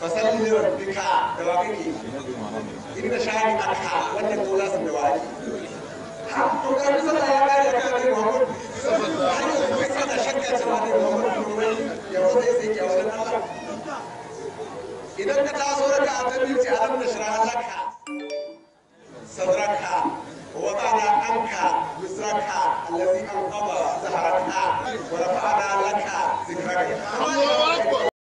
فصل لربك دواقيك إن شانك حا ولا تولاس دواقي حق قال صلى يا قال يا محمد حتى شك سواد محمد نوري يا ولد يسيك يا ولد الله إذا كنت أصورك أتمنى تعلم نشرح لك صدرك ووضعنا عنك وزرك الذي انقضى ظهرك ورفعنا لك ذكرك